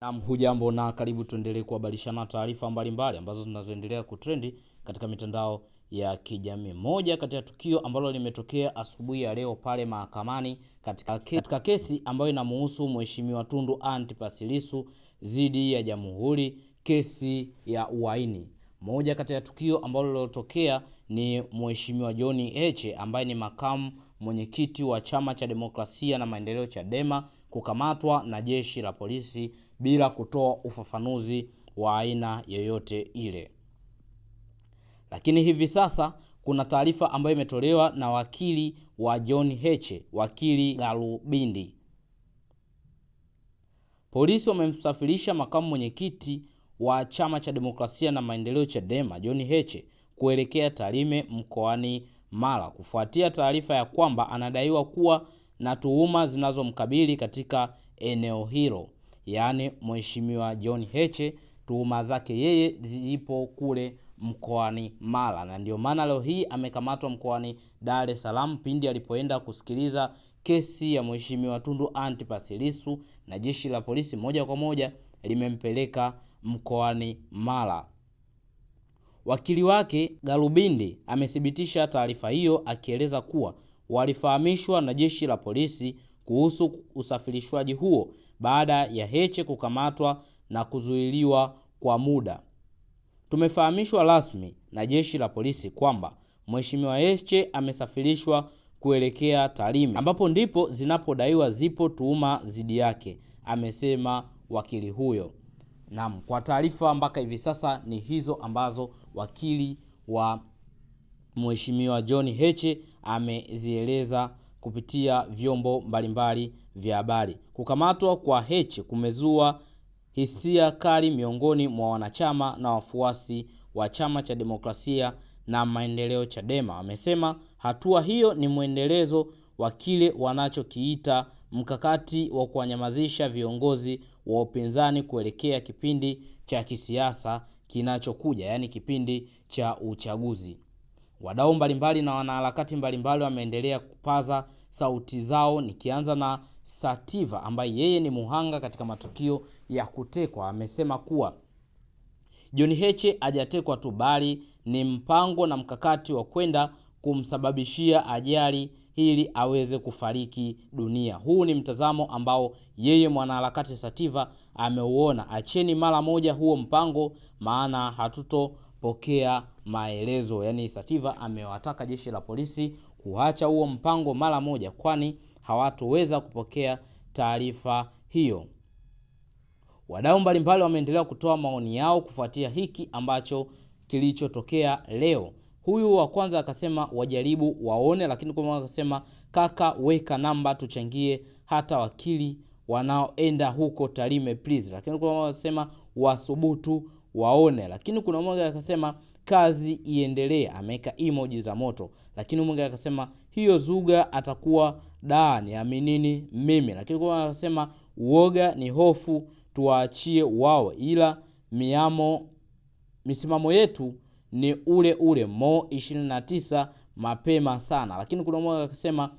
Naam, hujambo na karibu tuendelee kuhabarishana taarifa mbalimbali ambazo zinazoendelea kutrendi katika mitandao ya kijamii. Moja kati ya tukio ambalo limetokea asubuhi ya leo pale mahakamani katika, ke katika kesi ambayo inamuhusu Mheshimiwa Tundu Antipas Lissu dhidi ya Jamhuri, kesi ya uhaini. Moja kati ya tukio ambalo lilotokea ni Mheshimiwa John Heche ambaye ni makamu mwenyekiti wa Chama cha Demokrasia na Maendeleo, Chadema, kukamatwa na jeshi la polisi bila kutoa ufafanuzi wa aina yoyote ile. Lakini hivi sasa kuna taarifa ambayo imetolewa na wakili wa John Heche, wakili Galubindi. Polisi wamemsafirisha makamu mwenyekiti wa chama cha demokrasia na maendeleo Chadema John Heche kuelekea Tarime mkoani Mara kufuatia taarifa ya kwamba anadaiwa kuwa na tuhuma zinazomkabili katika eneo hilo, yaani Mheshimiwa John Heche, tuhuma zake yeye zipo kule mkoani Mara, na ndio maana leo hii amekamatwa mkoani Dar es Salaam pindi alipoenda kusikiliza kesi ya Mheshimiwa Tundu antipasilisu na jeshi la polisi moja kwa moja limempeleka mkoani Mara. Wakili wake Galubindi amethibitisha taarifa hiyo akieleza kuwa walifahamishwa na jeshi la polisi kuhusu usafirishwaji huo baada ya Heche kukamatwa na kuzuiliwa kwa muda. Tumefahamishwa rasmi na jeshi la polisi kwamba Mheshimiwa Heche amesafirishwa kuelekea Tarime ambapo ndipo zinapodaiwa zipo tuhuma dhidi yake, amesema wakili huyo. Naam, kwa taarifa mpaka hivi sasa ni hizo ambazo wakili wa Mheshimiwa John Heche amezieleza kupitia vyombo mbalimbali vya habari. Kukamatwa kwa Heche kumezua hisia kali miongoni mwa wanachama na wafuasi wa Chama cha Demokrasia na Maendeleo Chadema. Wamesema hatua hiyo ni mwendelezo wa kile wanachokiita mkakati wa kuwanyamazisha viongozi wa upinzani kuelekea kipindi cha kisiasa kinachokuja, yaani kipindi cha uchaguzi. Wadau mbalimbali na wanaharakati mbalimbali wameendelea kupaza sauti zao, nikianza na Sativa ambaye yeye ni muhanga katika matukio ya kutekwa, amesema kuwa John Heche hajatekwa tu bali ni mpango na mkakati wa kwenda kumsababishia ajali ili aweze kufariki dunia. Huu ni mtazamo ambao yeye mwanaharakati Sativa ameuona. Acheni mara moja huo mpango, maana hatutopokea maelezo. Yaani Sativa amewataka jeshi la polisi kuacha huo mpango mara moja, kwani hawatoweza kupokea taarifa hiyo. Wadau mbalimbali wameendelea kutoa maoni yao kufuatia hiki ambacho kilichotokea leo. Huyu wa kwanza akasema wajaribu waone, lakini kwa akasema kaka, weka namba tuchangie hata wakili wanaoenda huko Tarime please. Lakini kuna mmoja akasema wasubutu waone, lakini kuna mmoja akasema kazi iendelee, ameweka emoji za moto. Lakini mwingine akasema hiyo Zuga atakuwa daa, niaminini mimi. Lakini kwa akasema uoga ni hofu, tuwaachie wao, ila miamo misimamo yetu ni ule ule Mo 29 mapema sana. Lakini kuna mmoja akasema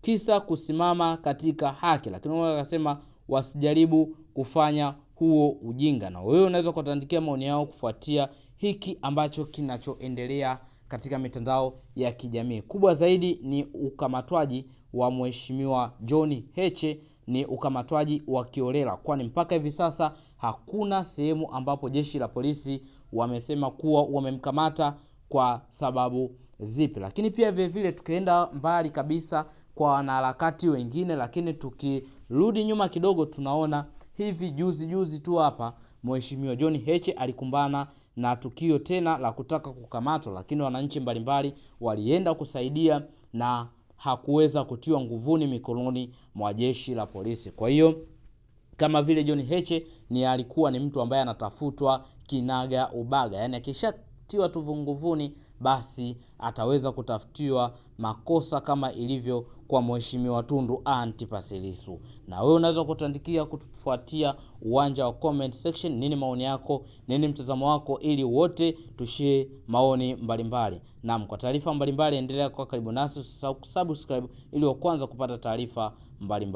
kisa kusimama katika haki. Lakini mmoja akasema wasijaribu kufanya huo ujinga. Na wewe unaweza ukatuandikia maoni yao kufuatia hiki ambacho kinachoendelea katika mitandao ya kijamii. Kubwa zaidi ni ukamatwaji wa Mheshimiwa John Heche, ni ukamatwaji wa kiolela, kwani mpaka hivi sasa hakuna sehemu ambapo jeshi la polisi wamesema kuwa wamemkamata kwa sababu zipi. Lakini pia vilevile tukaenda mbali kabisa kwa wanaharakati wengine, lakini tukirudi nyuma kidogo, tunaona hivi juzi juzi tu hapa Mheshimiwa John Heche alikumbana na tukio tena la kutaka kukamatwa, lakini wananchi mbalimbali walienda kusaidia na hakuweza kutiwa nguvuni mikononi mwa jeshi la polisi. Kwa hiyo kama vile John Heche ni alikuwa ni mtu ambaye anatafutwa kinaga ubaga, yaani akishatiwa tuvunguvuni basi ataweza kutafutiwa makosa kama ilivyo kwa Mheshimiwa Tundu antipasilisu Na wewe unaweza kutuandikia kufuatia uwanja wa comment section, nini maoni yako, nini mtazamo wako, ili wote tushie maoni mbalimbali. nam kwa taarifa mbalimbali endelea kwa karibu nasi, usisahau kusubscribe ili wa kwanza kupata taarifa mbalimbali.